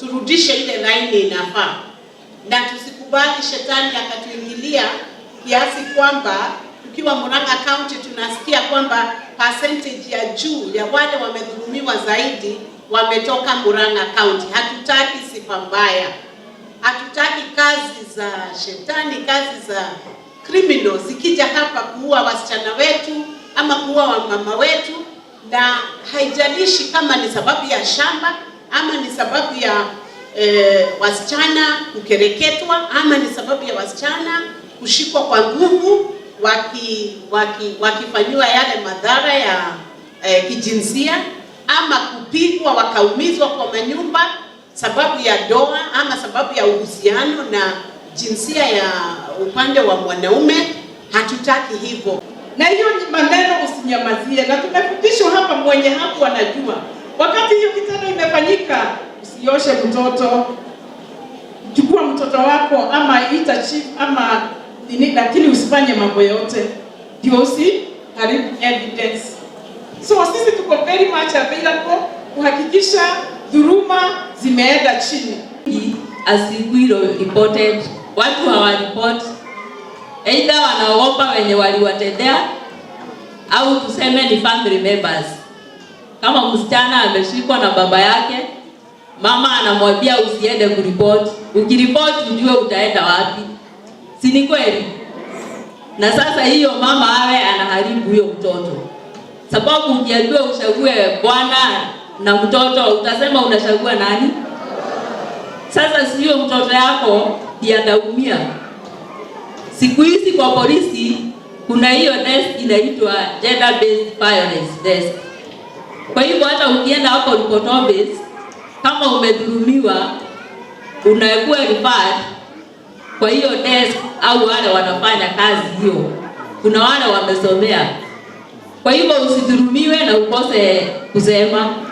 Turudishe ile laini inafaa, na tusikubali shetani akatuingilia kiasi kwamba tukiwa Murang'a County tunasikia kwamba percentage ya juu ya wale wamedhulumiwa zaidi wametoka Murang'a County. Hatutaki sifa mbaya, hatutaki kazi za shetani, kazi za criminals zikija hapa kuua wasichana wetu ama kuua wamama wetu, na haijalishi kama ni sababu ya shamba ama ni sababu ya e, wasichana kukereketwa ama ni sababu ya wasichana kushikwa kwa nguvu waki, waki, wakifanyiwa yale madhara ya e, kijinsia ama kupigwa wakaumizwa kwa manyumba sababu ya doa ama sababu ya uhusiano na jinsia ya upande wa mwanaume. Hatutaki hivyo, na hiyo ni maneno usinyamazie, na tumefundishwa hapa, mwenye hapo anajua Wakati hiyo kitendo imefanyika, usioshe mtoto, chukua mtoto wako ama ita chief ama nini, lakini usifanye mambo yote ndio usiharibu evidence. So sisi tuko very much available kuhakikisha dhuruma zimeenda chini. Asikuiro reported, watu hawaripoti, aidha wanaogopa wenye waliwatendea au tuseme ni family members. Kama msichana ameshikwa na baba yake, mama anamwambia usiende kuripoti, ukiripoti ujue utaenda wapi, si ni kweli? Na sasa hiyo mama awe anaharibu huyo mtoto, sababu ukiambiwa uchague bwana na mtoto utasema unachagua nani? Sasa siyo mtoto yako ndiye Siku hizi kwa polisi kuna hiyo desk inaitwa gender based violence desk kwa hivyo hata ukienda hapo ulipotoa kama umedhulumiwa unaekuwa referred kwa hiyo desk au wale wanafanya kazi hiyo, kuna wale wamesomea. Kwa hivyo usidhulumiwe na ukose kusema.